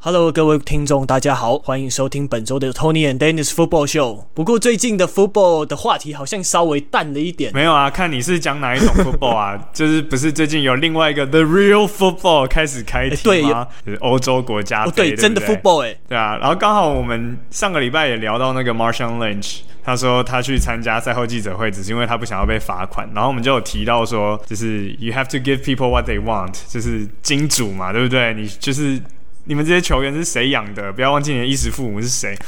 Hello，各位聽眾，大家好，歡迎收聽本周的 Tony and Dennis Football Show。不過最近的 Football 的話題好像稍微淡了一點。沒有啊，看你是講哪一種 Football 啊？ 就是不是最近有另外一個 The Real Football 開始開啟嗎？欸對就是歐洲國家，哦、對，對，不對，真的 Football 誒、欸、對啊。然後剛好我們上個禮拜也聊到那個 Marshawn Lynch，他說他去參加賽後記者會，只是因為他不想要被罰款。然後我們就有提到說，就是 You have to give people what they want，就是金主嘛，對不對？你就是。你們這些球員是誰養的？不要忘記你的衣食父母是誰。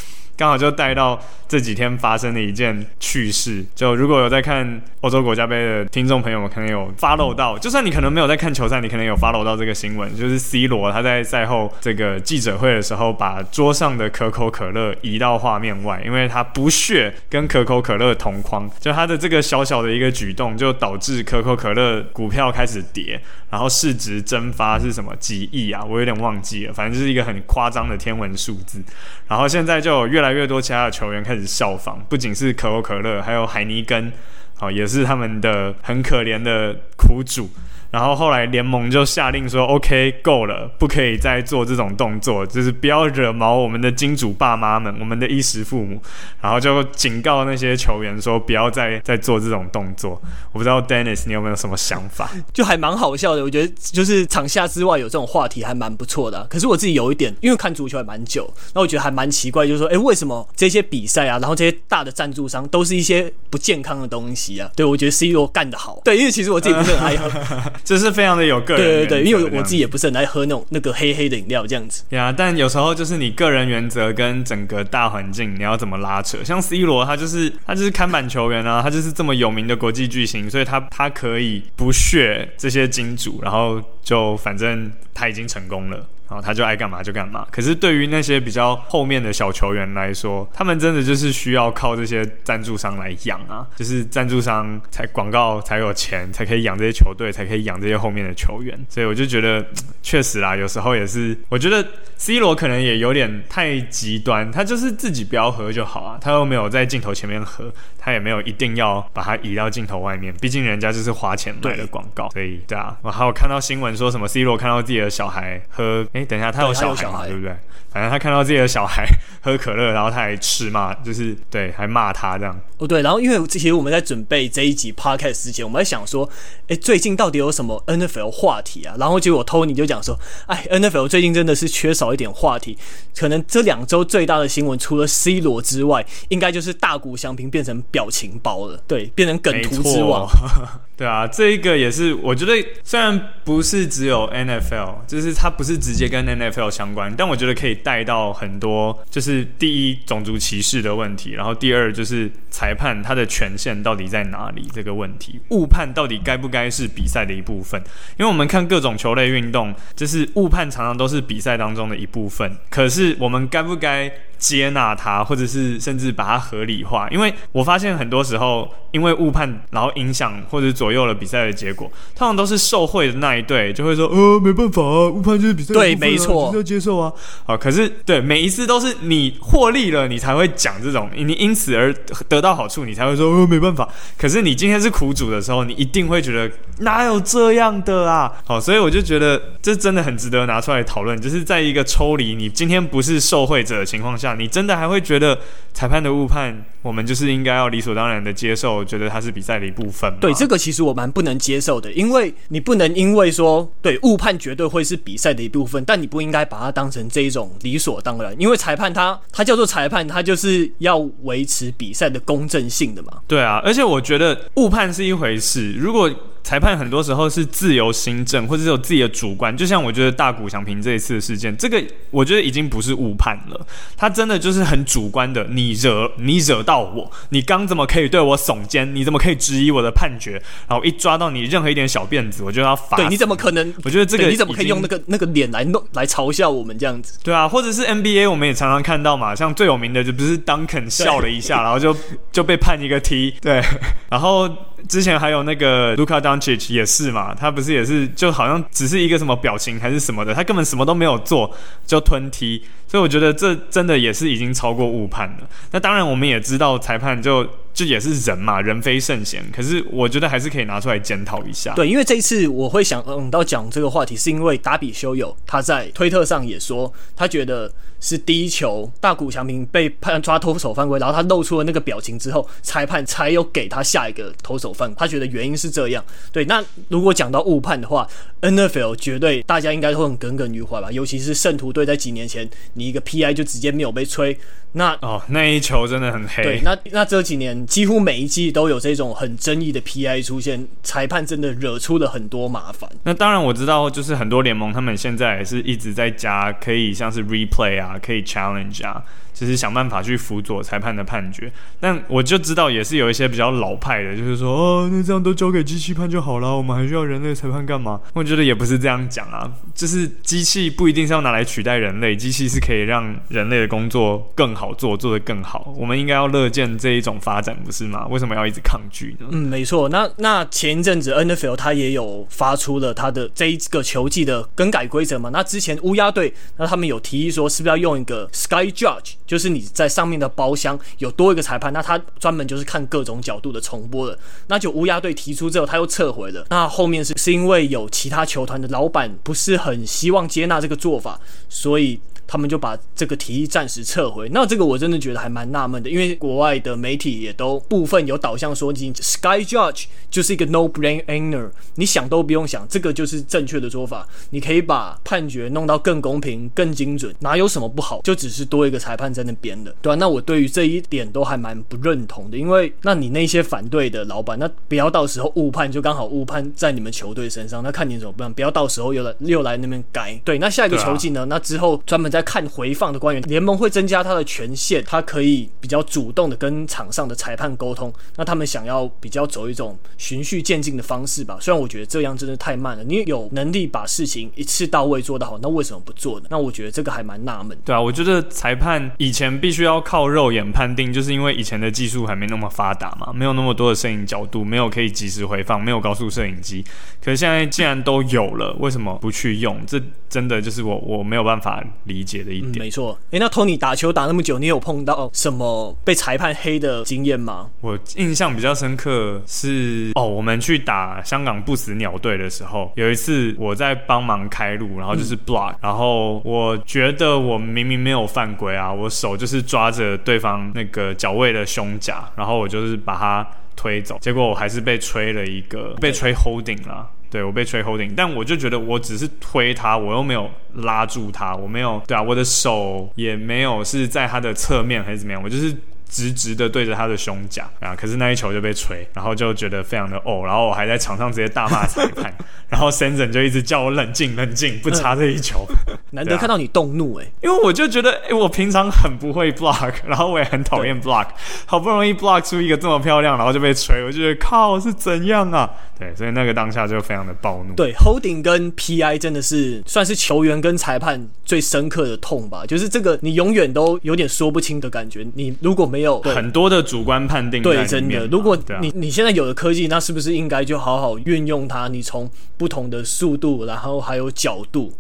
剛好就帶到這幾天發生的一件趣事，就如果有在看歐洲國家杯的聽眾朋友們，可能有 follow 到，就算你可能沒有在看球賽，你可能有 follow 到這個新聞，就是 C 羅他在賽後這個記者會的時候，把桌上的可口可樂移到畫面外，因為他不屑跟可口可樂同框。就他的這個小小的一個舉動，就導致可口可樂股票開始跌，然後市值蒸發是什麼幾億啊？我有點忘記了，反正就是一個很誇張的天文數字。然後現在就越來越越多其他的球員開始效仿，不僅是可口可樂，還有海尼根，好，哦，也是他們的很可憐的苦主。然後後來聯盟就下令說：“OK，夠了，不可以再做這種動作，就是不要惹毛我們的金主爸媽們，我們的衣食父母。”然後就警告那些球員說：“不要再再做這種動作。”我不知道 Dennis，你有沒有什麼想法？就還蠻好笑的，我覺得就是場下之外有這種話題還蠻不錯的。可是我自己有一點，因為看足球還蠻久，那我覺得還蠻奇怪，就是說，哎，為什麼這些比賽啊，然後這些大的贊助商都是一些不健康的東西啊？對，我覺得 CEO 幹得好，對，因為其實我自己不是很愛喝。 這、就是非常的有個人原則這樣子。對對對，因為我自己也不是很愛喝那種那個黑黑的飲料這樣子。對啊，但有時候就是你個人原則跟整個大環境你要怎麼拉扯？像 C 羅他就是他就是看板球員啊， 他就是這麼有名的國際巨星，所以他他可以不屑這些金主，然後就反正他已經成功了。然後他就愛幹嘛就幹嘛。可是對於那些比較後面的小球員來說，他們真的就是需要靠這些贊助商來養啊，就是贊助商才廣告才有錢，才可以養這些球隊，才可以養這些後面的球員。所以我就覺得，確實啦，有時候也是。我覺得 C 羅可能也有點太極端，他就是自己不要喝就好啊，他又沒有在鏡頭前面喝。他也沒有一定要把他移到鏡頭外面，畢竟人家就是花錢買的廣告，對，所以對啊。我還有看到新聞說什麼 C 羅看到自己的小孩喝，哎、欸，等一下他有小孩，對，有小孩對不對？反正他看到自己的小孩喝可樂，然後他還斥罵，就是對，還罵他這樣。哦，對，然後因為其實我們在準備這一集 Podcast 時間，我們在想說，哎，最近到底有什麼 NFL 話題啊？然後結果 Tony 就講說，哎，NFL 最近真的是缺少一點話題，可能這兩周最大的新聞除了 C 羅之外，應該就是大谷翔平變成。表情包了，對，變成梗圖之王。 對啊，這一個也是，我覺得雖然不是只有 NFL，就是它不是直接跟 NFL 相關，但我覺得可以帶到很多，就是第一種族歧視的問題，然後第二就是裁判他的權限到底在哪裡這個問題，誤判到底該不該是比賽的一部分？因為我們看各種球類運動，就是誤判常常都是比賽當中的一部分。可是我們該不該接納它，或者是甚至把它合理化？因為我發現很多時候因為誤判，然後影響或者左右。左右了比賽的結果，通常都是受惠的那一隊就會說：“呃，沒辦法啊，誤判就是比賽，啊、對，沒錯，就是，要接受啊。”好，可是對每一次都是你獲利了，你才會講這種，你因此而得到好處，你才會說：“呃，沒辦法。”可是你今天是苦主的時候，你一定會覺得哪有這樣的啊？好，所以我就覺得、嗯、這真的很值得拿出來討論，就是在一個抽離你今天不是受惠者的情況下，你真的還會覺得裁判的誤判，我們就是應該要理所當然的接受，覺得它是比賽的一部分嗎？對，這個其實。我蠻不能接受的，因為你不能因為說對，誤判絕對會是比賽的一部分，但你不應該把它當成這一種理所當然。因為裁判他他叫做裁判，他就是要維持比賽的公正性的嘛。對啊，而且我覺得誤判是一回事，如果。裁判很多時候是自由心證，或者有自己的主觀。就像我覺得大谷翔平這一次的事件，這個我覺得已經不是誤判了，他真的就是很主觀的。你惹你惹到我，你剛怎麼可以對我聳肩？你怎麼可以質疑我的判決？然後一抓到你任何一點小辮子，我就要罰。對，你怎麼可能？我覺得這個你怎麼可以用那個那個臉來弄來嘲笑我們這樣子？對啊，或者是 NBA 我們也常常看到嘛，像最有名的就不是 Duncan 笑了一下，然後就就被判一個 T。對，然後。之前還有那個 Luka Doncic 也是嘛，他不是也是，就好像只是一個什麼表情還是什麼的，他根本什麼都沒有做，就吞踢。所以我覺得這真的也是已經超過誤判了。那當然，我們也知道裁判就就也是人嘛，人非聖賢。可是我覺得還是可以拿出來檢討一下。對，因為這一次我會想、嗯、到講這個話題，是因為達比修有他在推特上也說，他覺得是第一球大谷翔平被判抓投手犯規，然後他露出了那個表情之後，裁判才有給他下一個投手犯規。他覺得原因是這樣。對，那如果講到誤判的話，NFL 絕對大家應該會很耿耿於懷吧，尤其是聖徒隊在幾年前。一個 PI 就直接沒有被吹，那哦，那一球真的很黑。對，那那這幾年幾乎每一季都有這種很爭議的 PI 出現，裁判真的惹出了很多麻煩。那當然我知道，就是很多聯盟他們現在也是一直在加，可以像是 replay 啊，可以 challenge 啊。只是想辦法去輔佐裁判的判決，但我就知道也是有一些比較老派的，就是說哦，那這樣都交給機器判就好了，我們還需要人類裁判幹嘛？我覺得也不是這樣講啊，就是機器不一定是要拿來取代人類，機器是可以讓人類的工作更好做，做得更好。我們應該要樂見這一種發展，不是嗎？為什麼要一直抗拒呢？嗯，沒錯。那那前一陣子 NFL 他也有發出了他的這一個球技的更改規則嘛？那之前烏鴉隊那他們有提議說，是不是要用一個 Sky Judge？就是你在上面的包廂有多一個裁判，那他專門就是看各種角度的重播了。那就烏鴉隊提出之後，他又撤回了。那後面是是因為有其他球團的老闆不是很希望接納這個做法，所以。他們就把這個提議暫時撤回。那這個我真的覺得還蠻納悶的，因為國外的媒體也都部分有導向說，進 Sky Judge 就是一個 No Brainer，你想都不用想，這個就是正確的做法。你可以把判決弄到更公平、更精準，哪有什麼不好？就只是多一個裁判在那邊的。對啊，那我對於這一點都還蠻不認同的，因為那你那些反對的老闆，那不要到時候誤判，就剛好誤判在你們球隊身上，那看你怎麼辦。不要到時候又來又來那邊改。對，那下一個球季呢、啊？那之後專門在。看回放的官員，聯盟會增加他的權限，他可以比較主動的跟場上的裁判溝通。那他們想要比較走一種循序漸進的方式吧？雖然我覺得這樣真的太慢了。你有能力把事情一次到位做得好，那為什麼不做呢？那我覺得這個還蠻納悶的。對啊，我覺得裁判以前必須要靠肉眼判定，就是因為以前的技術還沒那麼發達嘛，沒有那麼多的攝影角度，沒有可以及時回放，沒有高速攝影機。可是現在既然都有了，為什麼不去用？這真的就是我我沒有辦法理解。的一點沒錯。哎、欸，那 Tony 打球打那麼久，你有碰到什麼被裁判黑的經驗嗎？我印象比較深刻是哦，我們去打香港不死鳥隊的時候，有一次我在幫忙開路，然後就是 block，、嗯、然後我覺得我明明沒有犯規啊，我手就是抓着對方那個腳位的胸甲，然後我就是把他推走，結果我還是被吹了一個被吹 holding 了、啊。對，我被吹 holding，但我就覺得我只是推他，我又沒有拉住他，我沒有，對啊，我的手也沒有是在他的側面還是怎麼樣，我就是。直直的對着他的胸甲啊，可是那一球就被吹，然後就覺得非常的哦，然後我還在場上直接大罵裁判， 然後先生就一直叫我冷靜冷靜，不差這一球，嗯這。難得看到你動怒哎，欸，因為我就覺得哎，我平常很不會 block，然後我也很討厭 block，好不容易 block 出一個這麼漂亮，然後就被吹，我就覺得靠是怎樣啊？對，所以那個當下就非常的暴怒。對，holding 跟 PI 真的是算是球員跟裁判最深刻的痛吧，就是這個你永遠都有點說不清的感覺，你如果沒。有很多的主觀判定，對，真的。如果你你現在有了科技，那是不是應該就好好運用它？你從不同的速度，然後還有角度，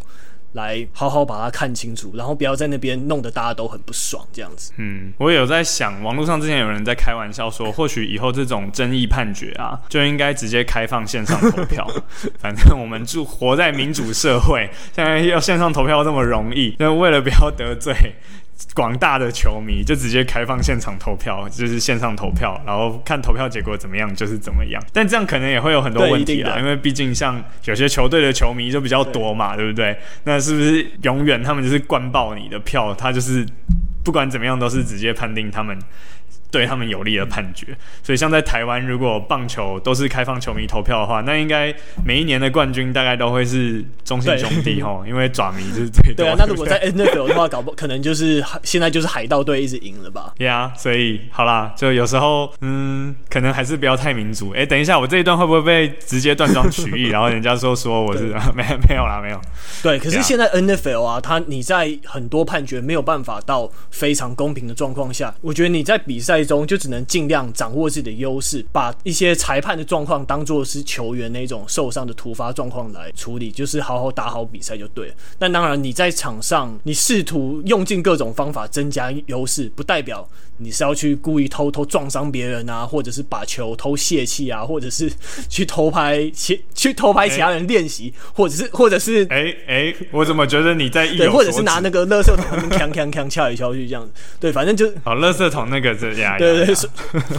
來好好把它看清楚，然後不要在那邊弄得大家都很不爽，這樣子。嗯，我有在想，網絡上之前有人在開玩笑說，或許以後這種爭議判決啊，就應該直接開放線上投票。 反正我們就活在民主社會，現在要線上投票這麼容易，那為了不要得罪。廣大的球迷就直接開放現場投票，就是線上投票，然後看投票結果怎麼樣就是怎麼樣。但這樣可能也會有很多問題啊，因為畢竟像有些球隊的球迷就比較多嘛，對，對不對？那是不是永遠他們就是灌爆你的票？他就是不管怎麼樣都是直接判定他們對他們有利的判決，所以像在台灣，如果棒球都是開放球迷投票的話，那應該每一年的冠軍大概都會是中信兄弟哦，因為爪迷就是 對啊。那如果在 NFL 的話， 搞不可能就是現在就是海盜隊一直贏了吧？對啊，所以好啦，就有時候嗯，可能還是不要太民主。哎、欸，等一下，我這一段會不會被直接斷章取義？ 然後人家說說我是、啊、沒有沒有啦，沒有？對，可是、yeah. 現在 NFL 啊，他你在很多判決沒有辦法到非常公平的狀況下，我覺得你在比賽。最終就只能盡量掌握自己的優勢，把一些裁判的狀況當做是球員那種受傷的突發狀況來處理，就是好好打好比賽就對了。但當然，你在場上你試圖用盡各種方法增加優勢，不代表你是要去故意偷偷，偷撞傷別人啊，或者是把球偷洩氣啊，或者是去偷拍其去偷拍其他人練習，欸，或者是或者是哎哎，欸欸，我怎麼覺得你在意，對，或者是拿那個垃圾桶鏘鏘鏘敲來敲去這樣子，對，反正就好，垃圾桶那個這樣。對對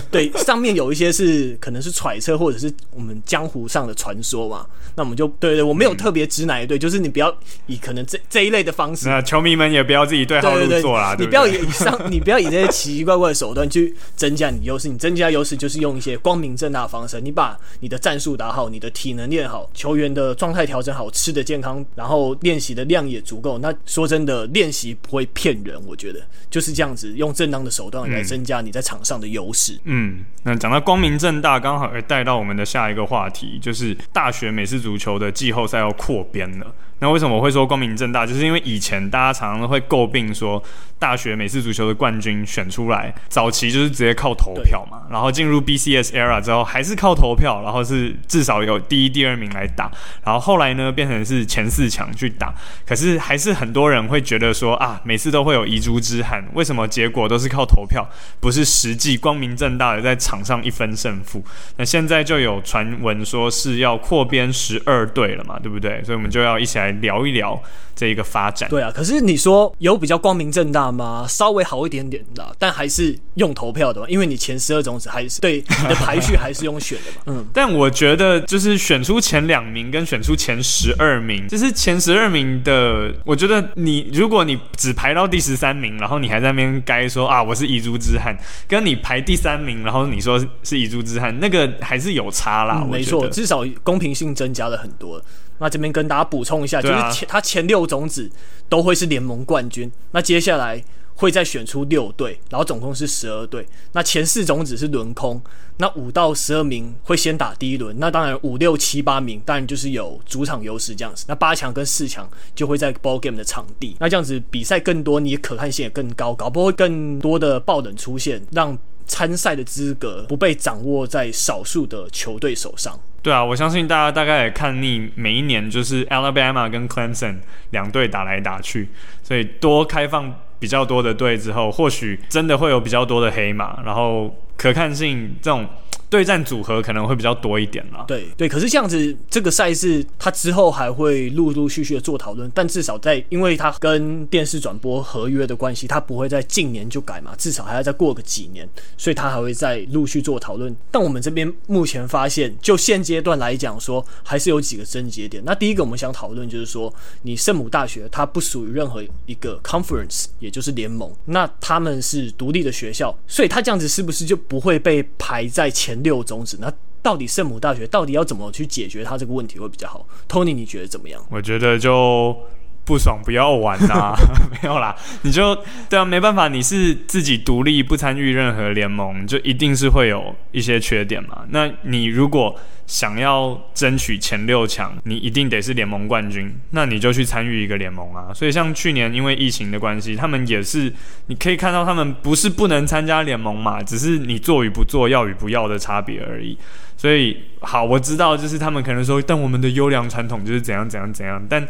對，對上面有一些是可能是揣測，或者是我們江湖上的傳說嘛。那我們就對，對對，我沒有特別指哪一隊，嗯，就是你不要以可能這這一類的方式。那球迷們也不要自己對號入座啦，對對對，你不要以以 上，你不要以那些奇奇怪怪的手段去增加你優勢。你增加優勢就是用一些光明正大的方式，你把你的戰術打好，你的體能練好，球員的狀態調整好，吃的健康，然後練習的量也足夠。那說真的，練習不會騙人，我覺得就是這樣子，用正當的手段來增加你在。嗯場上的優勢。嗯，那講到光明正大，剛好也帶到我們的下一個話題，就是大學美式足球的季後賽要擴編了。那為什麼我會說光明正大？就是因為以前大家常常都會詬病說，大學美式足球的冠軍選出來早期就是直接靠投票嘛，然後進入 BCS era 之後還是靠投票，然後是至少有第一、第二名來打，然後後來呢變成是前四強去打，可是還是很多人會覺得說啊，每次都會有遺珠之憾，為什麼結果都是靠投票，不是？實際光明正大的在場上一分勝負，那現在就有傳聞說是要擴編十二隊了嘛，對不對？所以，我們就要一起來聊一聊這一個發展。對啊，可是你說有比較光明正大嗎？稍微好一點點的，但還是用投票的，因為你前十二種子還是對你的排序還是用選的嘛。 嗯，但我覺得就是選出前兩名跟選出前十二名、嗯，就是前十二名的，我覺得你如果你只排到第十三名，然後你還在那邊該說啊，我是遺珠之憾。跟你排第三名，然後你說是遺珠之憾，那個還是有差啦，嗯我覺得。沒錯，至少公平性增加了很多。那這邊跟大家補充一下，啊、就是前他前六種子都會是聯盟冠軍。那接下來。會再選出六隊，然後總共是十二隊。那前四種子是輪空，那五到十二名會先打第一輪。那當然五六七八名當然就是有主場優勢這樣子。那八強跟四強就會在 bowl game 的場地。那這樣子比賽更多，你的可看性也更高、高，搞不會更多的爆冷出現，讓參賽的資格不被掌握在少數的球隊手上。對啊，我相信大家大概也看膩每一年就是 Alabama 跟 Clemson 兩隊打來打去，所以多開放比較多的隊之後，或許真的會有比較多的黑馬，然後可看性這種。對戰組合可能會比較多一點啦、啊。對對，可是這樣子，這個賽事它之後還會陸陸續續的做討論，但至少在因為它跟電視轉播合約的關係，它不會在近年就改嘛，至少還要再過個幾年，所以他還會再陸續做討論。但我們這邊目前發現，就現階段來講，說還是有幾個爭議點。那第一個我們想討論就是說，你聖母大學它不屬於任何一個 conference，也就是聯盟，那他們是獨立的學校，所以他這樣子是不是就不會被排在前？六種子，那到底聖母大學到底要怎麼去解決他這個問題會比較好？托尼，你覺得怎麼樣？我覺得就。不爽不要玩啦，啊。 沒有啦，你就對啊，沒辦法，你是自己獨立不參與任何聯盟，就一定是會有一些缺點嘛。那你如果想要爭取前六強，你一定得是聯盟冠軍，那你就去參與一個聯盟啊。所以像去年因為疫情的關係，他們也是你可以看到，他們不是不能參加聯盟嘛，只是你做與不做，要與不要的差別而已。所以好，我知道就是他們可能說，但我們的優良傳統就是怎樣怎樣怎樣，但。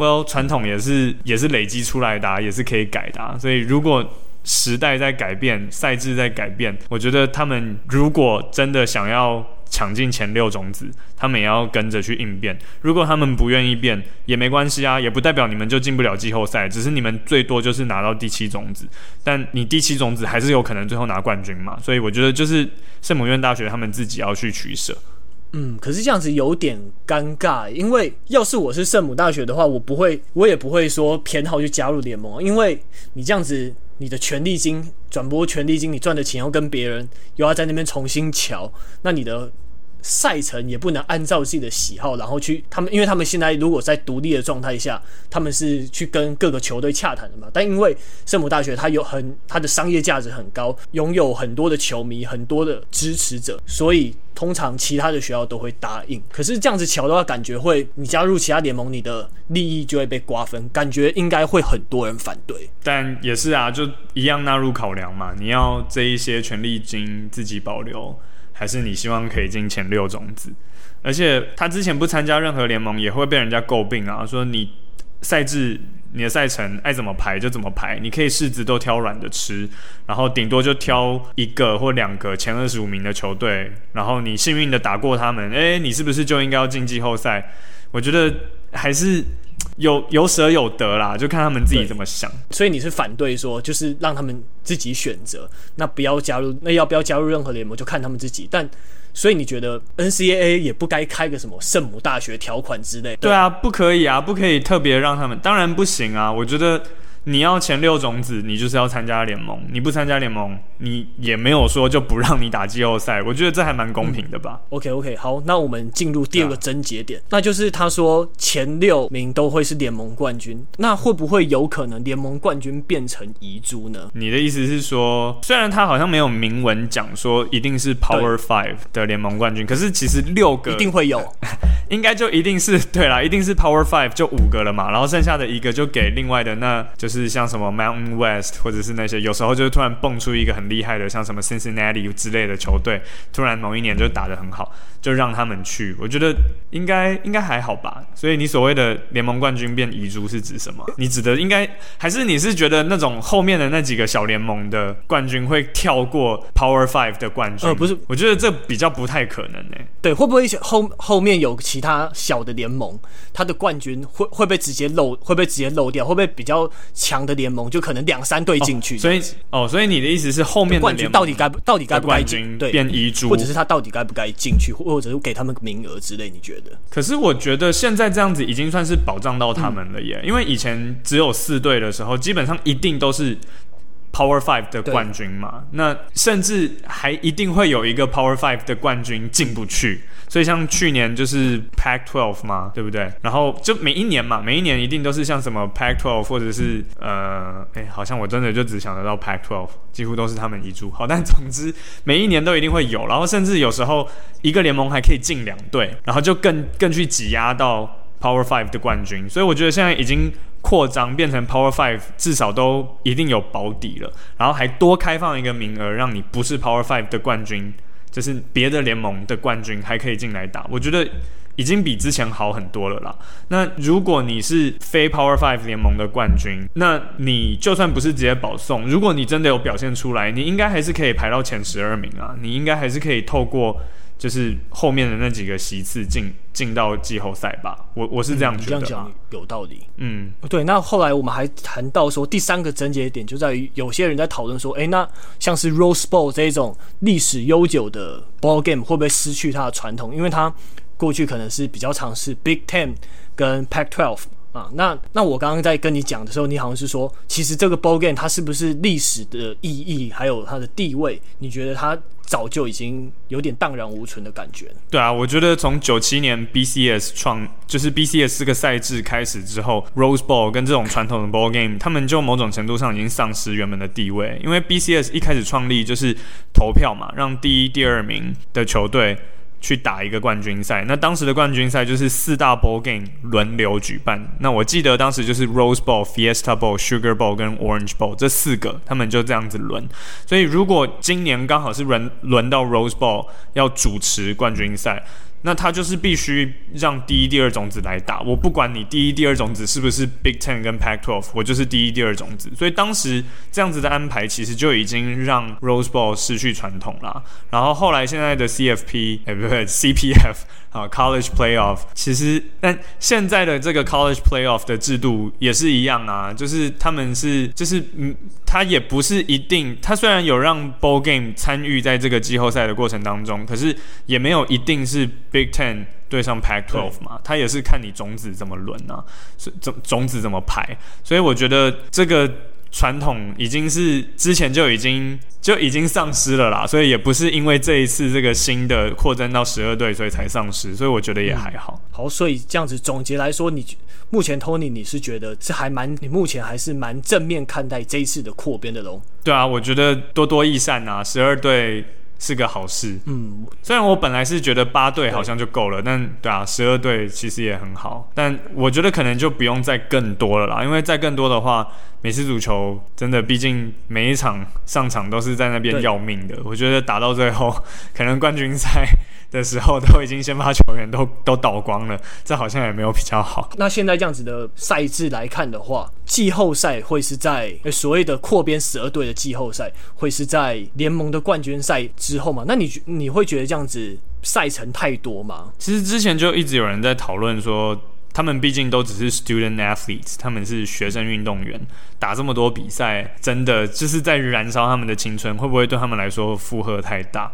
Well, 傳統也是，也是累積出來的啊，也是可以改的啊。所以如果時代在改變，賽制在改變，我覺得他們如果真的想要搶進前六種子，他們也要跟着去應變。如果他們不願意變，也沒關係啊，也不代表你們就進不了季後賽，只是你們最多就是拿到第七種子。但你第七種子還是有可能最後拿冠軍嘛。所以我覺得就是聖母院大學他們自己要去取捨。嗯，可是這樣子有點尷尬，因為要是我是聖母大學的話，我不會，我也不會說偏好去加入聯盟，因為你這樣子，你的權利金、轉播權利金，你賺的錢要跟別人，又要在那邊重新喬。那你的。賽程也不能按照自己的喜好，然後去他們，因為他們現在如果在獨立的狀態下，他們是去跟各個球隊洽談的嘛。但因為聖母大學它有很它的商業價值很高，擁有很多的球迷，很多的支持者，所以通常其他的學校都會答應。可是這樣子喬的話，感覺會你加入其他聯盟，你的利益就會被瓜分，感覺應該會很多人反對。但也是啊，就一樣納入考量嘛。你要這一些權利金自己保留。還是你希望可以進前六種子，而且他之前不參加任何聯盟也會被人家詬病啊，說你賽制、你的賽程愛怎麼排就怎麼排，你可以試着都挑軟的吃，然後頂多就挑一個或兩個前二十五名的球隊，然後你幸運的打過他們，誒、欸，你是不是就應該要進季後賽？我覺得還是。有有捨有得啦，就看他們自己怎麼想。所以你是反對說，就是讓他們自己選擇，那不要加入，那要不要加入任何聯盟就看他們自己。但所以你覺得 NCAA 也不該開個什麼聖母大學條款之類對？對啊，不可以啊，不可以特別讓他們，當然不行啊。我覺得你要前六種子，你就是要參加聯盟，你不參加聯盟。你也沒有說就不讓你打季後賽，我覺得這還蠻公平的吧。OK OK，好，那我們進入第二個癥結點，yeah. 那就是他說前六名都會是聯盟冠軍，那會不會有可能聯盟冠軍變成遺珠呢？你的意思是說，雖然他好像沒有明文講說一定是 Power Five 的聯盟冠軍，可是其實六個一定會有， 應該就一定是對啦，一定是 Power Five 就五個了嘛，然後剩下的一個就給另外的那，那就是像什麼 Mountain West 或者是那些，有時候就突然蹦出一個很。厲害的，像什麼 Cincinnati 之類的球隊，突然某一年就打得很好，嗯，就讓他們去，我覺得應該應該還好吧。所以你所謂的聯盟冠軍變遺珠是指什麼？你指的應該還是你是覺得那種後面的那幾個小聯盟的冠軍會跳過 Power Five 的冠軍？呃，不是，我覺得這比較不太可能呢，欸。對，會不會後後面有其他小的聯盟，他的冠軍會會不會直接漏，會不會直接漏掉？會不會比較強的聯盟就可能兩三隊進去，哦？所以哦，所以你的意思是後。後面冠軍到底該到底該不該變遺珠，或者是他到底該不該進去，或者是給他們名額之類？你覺得？可是我覺得現在這樣子已經算是保障到他們了耶，嗯、因為以前只有四隊的時候，基本上一定都是。Power Five 的冠軍嘛，那甚至還一定會有一個 Power Five 的冠軍進不去，所以像去年就是 PAC-12 嘛，對不對？然後就每一年嘛，每一年一定都是像什麼 PAC-12 或者是呃，哎，好像我真的就只想得到 PAC-12，幾乎都是他們一組。好，但總之每一年都一定會有，然後甚至有時候一個聯盟還可以進兩隊，然後就更更去擠壓到 Power Five 的冠軍。所以我覺得現在已經。擴張變成 Power Five，至少都一定有保底了，然後還多開放一個名額，讓你不是 Power Five 的冠軍，就是別的聯盟的冠軍，還可以進來打。我覺得已經比之前好很多了啦。那如果你是非 Power Five 聯盟的冠軍，那你就算不是直接保送，如果你真的有表現出來，你應該還是可以排到前十二名啊，你應該還是可以透過。就是後面的那幾個席次進進到季後賽吧，我我是這樣覺得、啊。嗯、這樣講有道理。嗯，對。那後來我們還談到說，第三個症結點就在於有些人在討論說，誒、欸，那像是 Rose Bowl 這一種歷史悠久的 Bowl Game 會不會失去它的傳統？因為它過去可能是比較嘗試 Big Ten 跟 Pac-12 啊。那那我剛剛在跟你講的時候，你好像是說，其實這個 Bowl Game 它是不是歷史的意義，還有它的地位？你覺得它？早就已經有點蕩然無存的感覺。對啊，我覺得從九七年 BCS 創就是 BCS 這個賽制開始之後，Rose Bowl 跟這種傳統的 Ball Game， 他們就某種程度上已經喪失原本的地位，因為 BCS 一開始創立就是投票嘛，讓第一、第二名的球隊。去打一個冠軍賽，那當時的冠軍賽就是四大 Bowl game 輪流舉辦。那我記得當時就是 Rose Bowl、Fiesta Bowl、Sugar Bowl 跟 Orange Bowl 這四個，他們就這樣子輪。所以如果今年剛好是輪輪到 Rose Bowl 要主持冠軍賽。那他就是必須讓第一、第二種子來打，我不管你第一、第二種子是不是 Big Ten 跟 Pac-12，我就是第一、第二種子。所以當時這樣子的安排，其實就已經讓 Rose Bowl 失去傳統了。然後後來現在的 CFP，哎、欸，不對，CPF。啊，college playoff 其實，但現在的這個 college playoff 的制度也是一樣啊，就是他們是，就是嗯，它也不是一定，它雖然有讓 ball game 參與在這個季後賽的過程當中，可是也沒有一定是 Big Ten 對上 Pac-12 嘛，它也是看你種子怎麼輪啊，是種種子怎麼排，所以我覺得這個。傳統已經是之前就已經就已經喪失了啦，所以也不是因為這一次這個新的擴增到十二隊，所以才喪失，所以我覺得也還好、嗯。好，所以這樣子總結來說你，你目前 Tony 你是覺得是還蠻，你目前還是蠻正面看待這一次的擴編的囉。對啊，我覺得多多益善啊，十二隊。是個好事。嗯，雖然我本來是覺得八隊好像就夠了，但對啊，十二隊其實也很好。但我覺得可能就不用再更多了啦，因為再更多的話，美式足球真的，畢竟每一場上場都是在那邊要命的。我覺得打到最後，可能冠軍賽。的時候都已經先把球員都都倒光了，這好像也沒有比較好。那現在這樣子的賽制來看的話，季後賽會是在所謂的擴編十二隊的季後賽，會是在聯盟的冠軍賽之後嗎？那你你會覺得這樣子賽程太多嗎？其實之前就一直有人在討論說，他們畢竟都只是 student athletes，他們是學生運動員，打這麼多比賽，真的就是在燃燒他們的青春，會不會對他們來說負荷太大？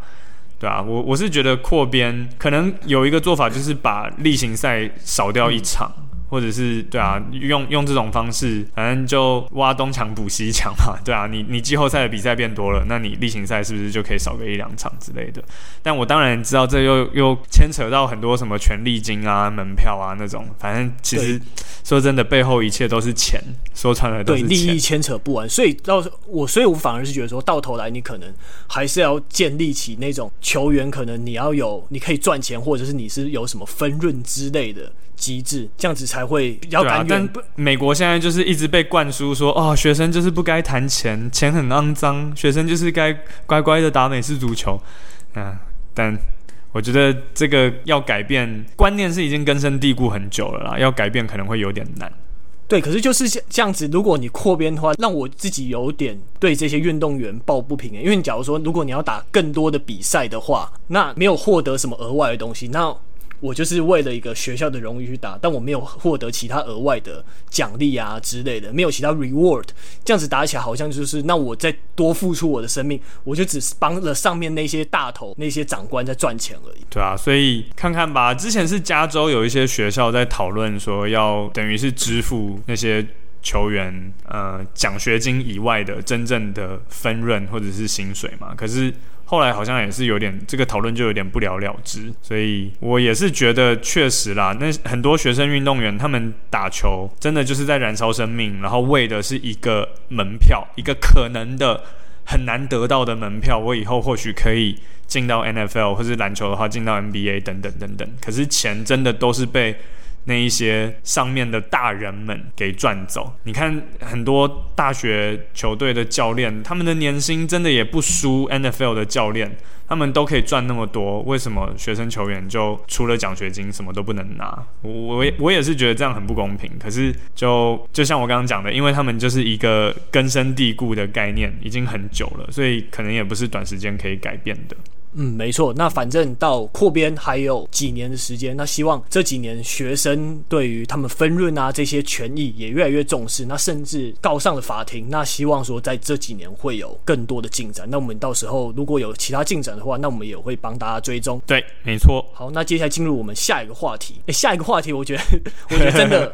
對啊，我我是覺得擴編可能有一個做法，就是把例行賽少掉一場。嗯或者是對啊，用用這種方式，反正就挖東牆補西牆嘛，對啊，你你季後賽的比賽變多了，那你例行賽是不是就可以少個一兩場之類的？但我當然知道，這又又牽扯到很多什麼權利金啊、門票啊那種，反正其實說真的，背後一切都是錢，說穿了都是錢，對，利益牽扯不完。所以到我，所以我反而是覺得說，說到頭來，你可能還是要建立起那種球員，可能你要有，你可以賺錢，或者是你是有什麼分潤之類的。機製這樣子才會比較改變。啊、美國現在就是一直被灌輸說，哦，學生就是不該談錢，錢很骯髒，學生就是該乖乖的打美式足球。嗯、啊，但我覺得這個要改變觀念是已經根深蒂固很久了啦，要改變可能會有點難。對，可是就是這樣子，如果你擴編的話，讓我自己有點對這些運動員抱不平，因為假如說如果你要打更多的比賽的話，那沒有獲得什麼額外的東西，那。我就是為了一個學校的榮譽去打，但我沒有獲得其他額外的獎勵啊之類的，沒有其他 reward，這樣子打起來好像就是，那我再多付出我的生命，我就只是幫了上面那些大頭、那些長官在賺錢而已。對啊，所以看看吧，之前是加州有一些學校在討論說，要等於是支付那些球員呃獎學金以外的真正的分潤或者是薪水嘛，可是。後來好像也是有點這個討論，就有點不了了之，所以我也是覺得確實啦。那很多學生運動員他們打球真的就是在燃燒生命，然後為的是一個門票，一個可能的很難得到的門票。我以後或許可以進到 NFL，或是籃球的話進到 NBA 等等等等。可是錢真的都是被。那一些上面的大人們給賺走。你看，很多大學球隊的教練，他們的年薪真的也不輸 NFL 的教練，他們都可以賺那麼多，為什麼學生球員就除了獎學金什麼都不能拿？我我我也是覺得這樣很不公平，可是就就像我剛剛講的，因為他們就是一個根深蒂固的概念，已經很久了，所以可能也不是短時間可以改變的。嗯，沒錯。那反正到擴編還有幾年的時間，那希望這幾年學生對於他們分潤啊這些權益也越來越重視，那甚至告上了法庭。那希望說在這幾年會有更多的進展。那我們到時候如果有其他進展的話，那我們也會幫大家追蹤。對，沒錯。好，那接下來進入我們下一個話題。欸、下一個話題，我覺得我覺得真的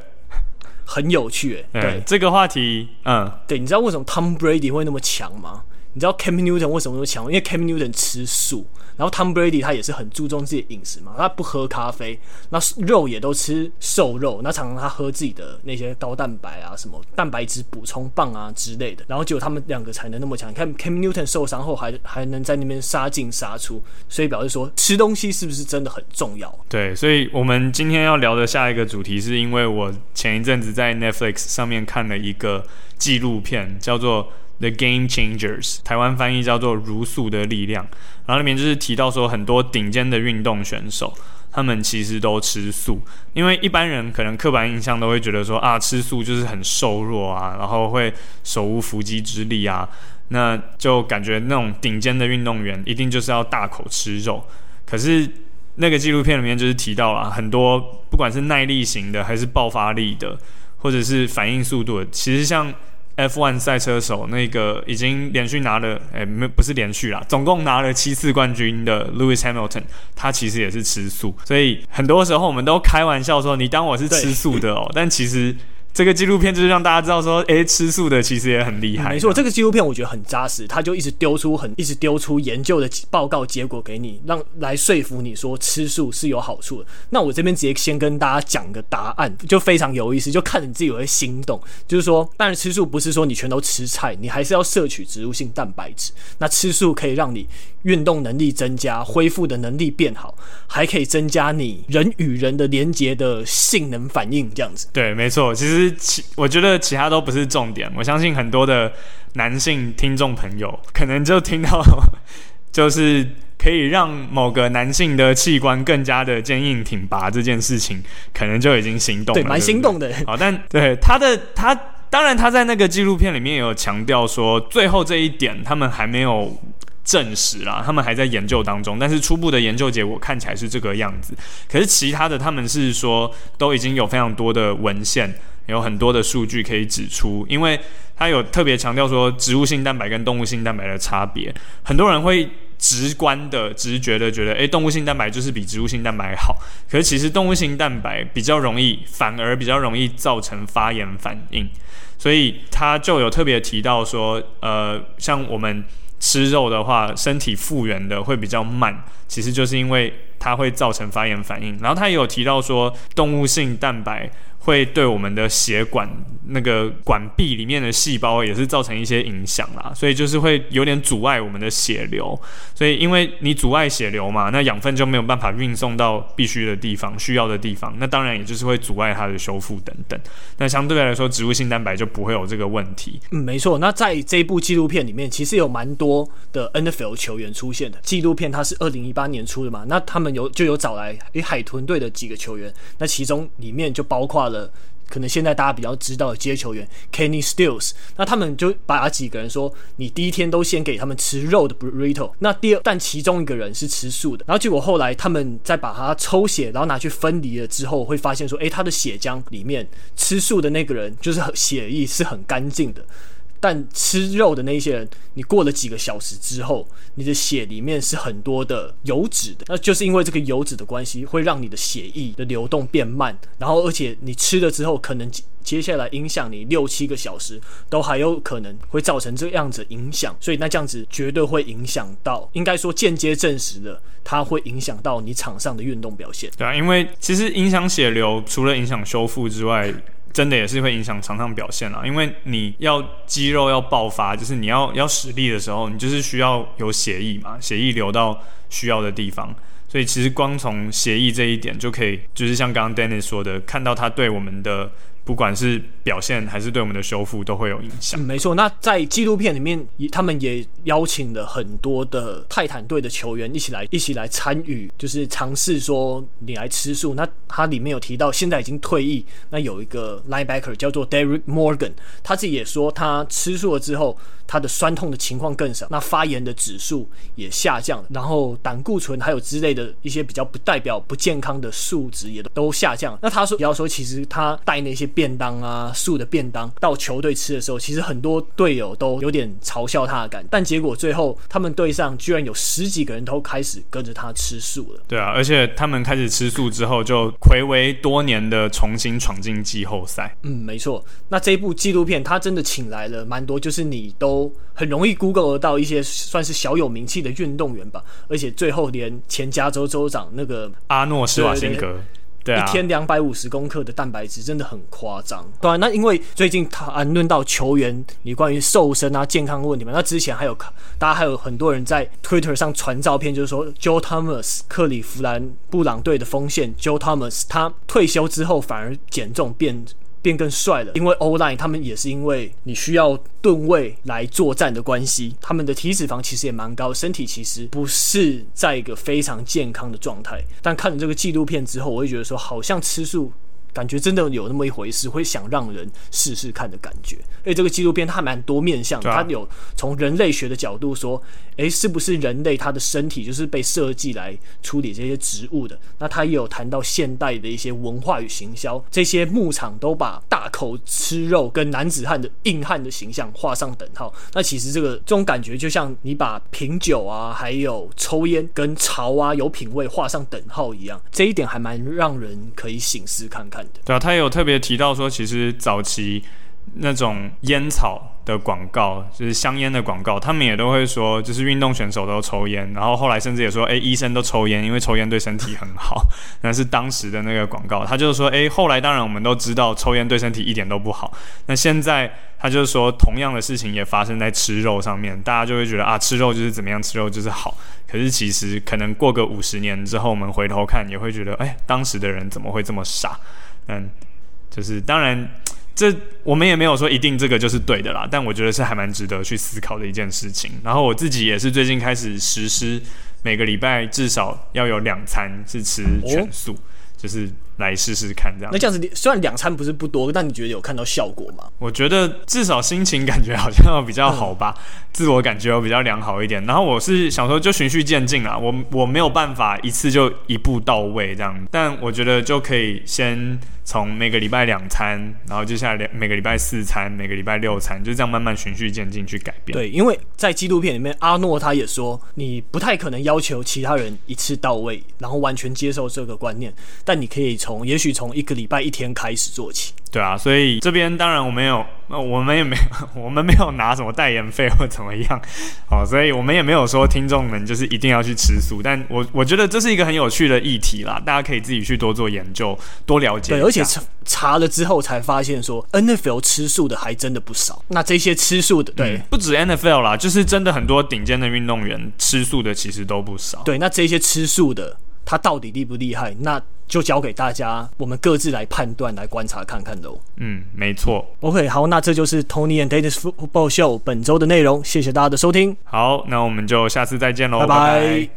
很有趣、欸。哎， 對、嗯、這個話題，嗯，對，你知道為什麼 Tom Brady 會那麼強嗎？你知道 Cam Newton 為什麼那麼強？因為 Cam Newton 吃素，然後 Tom Brady 他也是很注重自己飲食嘛，他不喝咖啡，那肉也都吃瘦肉，那常常他喝自己的那些高蛋白啊、什麼蛋白質補充棒啊之類的。然後只有他們兩個才能那麼強。你看 Cam Newton 受傷後還還能在那邊殺進殺出，所以表示說吃東西是不是真的很重要？對，所以我們今天要聊的下一個主題是，因為我前一陣子在 Netflix 上面看了一個紀錄片，叫做。The Game Changers，臺灣翻譯叫做“茹素的力量”。然後裡面就是提到說，很多頂尖的運動選手，他們其實都吃素。因為一般人可能刻板印象都會覺得說，啊，吃素就是很瘦弱啊，然後會手無縛雞之力啊。那就感覺那種頂尖的運動員一定就是要大口吃肉。可是那個紀錄片裡面就是提到了很多，不管是耐力型的，還是爆發力的，或者是反應速度的，其實像。F1 賽車手那個已經連續拿了，誒、欸，沒不是連續啦，總共拿了七次冠軍的 Lewis Hamilton，他其實也是吃素，所以很多時候我們都開玩笑說，你當我是吃素的哦、喔，但其實。這個紀錄片就是讓大家知道說，誒，吃素的其實也很厲害啊。沒錯，這個紀錄片我覺得很扎實，他就一直丟出很一直丟出研究的報告結果給你，讓來說服你說吃素是有好處的。那我這邊直接先跟大家講個答案，就非常有意思，就看你自己有些心動。就是說，當然吃素不是說你全都吃菜，你還是要攝取植物性蛋白質。那吃素可以讓你運動能力增加，恢復的能力變好，還可以增加你人與人的連接的性能反應這樣子。對，沒錯，其實。其我覺得其他都不是重點，我相信很多的男性聽眾朋友可能就聽到，就是可以讓某個男性的器官更加的堅硬挺拔這件事情，可能就已經心動了。對，對不對？蠻心動的。好，但對他的他，當然他在那個紀錄片裡面也有強調說，最後這一點他們還沒有證實啦，他們還在研究當中。但是初步的研究結果看起來是這個樣子。可是其他的，他們是說都已經有非常多的文獻。有很多的數據可以指出，因為他有特別強調說，植物性蛋白跟動物性蛋白的差別。很多人會直觀的、直覺的覺得，誒、欸，動物性蛋白就是比植物性蛋白好。可是其實動物性蛋白比較容易，反而比較容易造成發炎反應。所以他就有特別提到說，呃，像我們吃肉的話，身體復原的會比較慢，其實就是因為它會造成發炎反應。然後他也有提到說，動物性蛋白。會對我們的血管那個管壁裡面的細胞也是造成一些影響啦，所以就是會有點阻礙我們的血流。所以因為你阻礙血流嘛，那養分就沒有辦法運送到必須的地方、需要的地方。那當然也就是會阻礙它的修復等等。那相對來說，植物性蛋白就不會有這個問題。嗯，沒錯。那在這一部紀錄片裡面，其實有蠻多的 NFL 球員出現的。紀錄片它是二零一八年出的嘛，那他們有就有找來誒海豚隊的幾個球員，那其中裡面就包括。可能現在大家比較知道的接球員，Kenny Stills，那他們就把幾個人說，你第一天都先給他們吃肉的 burrito 那第二，但其中一個人是吃素的，然後結果後來他們再把他抽血，然後拿去分離了之後，會發現說，誒，他的血漿裡面吃素的那個人就是血液是很乾淨的。但吃肉的那一些人，你過了幾個小時之後，你的血裡面是很多的油脂的，那就是因為這個油脂的關係，會讓你的血液的流動變慢。然後，而且你吃了之後，可能接下來影響你六七個小時都還有可能會造成這樣子影響，所以那這樣子絕對會影響到，應該說間接證實了，它會影響到你場上的運動表現。對啊，因為其實影響血流，除了影響修復之外。真的也是會影響場上表現啊，因為你要肌肉要爆發，就是你要要使力的時候，你就是需要有血液嘛，血液流到需要的地方，所以其實光從血液這一點就可以，就是像剛剛 Danny 說的，看到他對我們的，不管是表現還是對我們的修復都會有影響。嗯、沒錯，那在紀錄片裡面，他們也邀請了很多的泰坦隊的球員一起來，一起來參與，就是嘗試說你來吃素。那他裡面有提到，現在已經退役，那有一個 linebacker 叫做 Derrick Morgan，他自己也說他吃素了之後，他的酸痛的情況更少，那發炎的指數也下降了，然後膽固醇還有之類的一些比較不代表不健康的數值也都都下降了。那他說，要說其實他帶那些。便當啊，素的便當，到球隊吃的時候，其實很多隊友都有點嘲笑他的感，但結果最後，他們隊上居然有十幾個人都開始跟着他吃素了。對啊，而且他們開始吃素之後，就暌違多年的重新闖進季後賽。嗯，沒錯。那這部紀錄片，他真的請來了蠻多，就是你都很容易 Google 到一些算是小有名氣的運動員吧。而且最後連前加州州長那個阿諾施瓦辛格。對啊，一天兩百五十公克的蛋白質真的很誇張。對、啊，那因為最近談論到球員，你關於瘦身啊、健康問題嘛，那之前還有大家還有很多人在 Twitter 上傳照片，就是說 Joe Thomas 克里夫蘭布朗隊的鋒線 Joe Thomas，他退休之後反而減重變。變更帥了，因為 O-line 他們也是因為你需要噸位來作戰的關係，他們的體脂肪其實也蠻高，身體其實不是在一個非常健康的狀態。但看了這個紀錄片之後，我會覺得說，好像吃素，感覺真的有那麼一回事，會想讓人試試看的感覺。哎，這個紀錄片它還蠻多面向、啊，它有從人類學的角度說，誒，是不是人類他的身體就是被設計來處理這些植物的？那他也有談到現代的一些文化與行銷，這些牧場都把大口吃肉跟男子漢的硬漢的形象畫上等號。那其實這個這種感覺，就像你把品酒啊，還有抽煙跟潮啊有品味畫上等號一樣，這一點還蠻讓人可以省思看看。對啊，他有特別提到說，其實早期那種煙草的廣告，就是香煙的廣告，他們也都會說，就是運動選手都抽煙，然後後來甚至也說，欸，醫生都抽煙，因為抽煙對身體很好。 那是當時的那個廣告，他就說，欸，後來當然我們都知道，抽煙對身體一點都不好。那現在他就是說，同樣的事情也發生在吃肉上面，大家就會覺得啊，吃肉就是怎麼樣，吃肉就是好。可是其實可能過個五十年之後，我們回頭看也會覺得，欸，當時的人怎麼會這麼傻？嗯，就是當然，這我們也沒有說一定這個就是對的啦。但我覺得是還蠻值得去思考的一件事情。然後我自己也是最近開始實施，每個禮拜至少要有兩餐是吃全素，哦、就是。來試試看，這樣。那這樣子，雖然兩餐不是不多，但你覺得有看到效果嗎？我覺得至少心情感覺好像比較好吧，自我感覺比較良好一點。然後我是想說，就循序漸進啊，我我沒有辦法一次就一步到位這樣，但我覺得就可以先。從每個禮拜兩餐，然後接下來兩每個禮拜四餐，每個禮拜六餐，就這樣慢慢循序漸進去改變。對，因為在紀錄片裡面，阿諾他也說，你不太可能要求其他人一次到位，然後完全接受這個觀念，但你可以從，也許從一個禮拜一天開始做起。對啊，所以這邊當然我們有，我們也沒有，我們沒有拿什麼代言費或怎麼樣，好，所以我們也沒有說聽眾們就是一定要去吃素，但我我覺得這是一個很有趣的議題啦，大家可以自己去多做研究，多了解。對，而且查，查了之後才發現說，NFL 吃素的還真的不少。那這些吃素的，對，對，不止 NFL 啦，就是真的很多頂尖的運動員吃素的其實都不少。對，那這些吃素的。他到底厲不厲害？那就交給大家，我們各自來判斷、來觀察看看嘍。嗯，沒錯。OK，好，那這就是 Tony and Dennis Football Show 本週的內容。謝謝大家的收聽。好，那我們就下次再見嘍，拜拜。拜拜。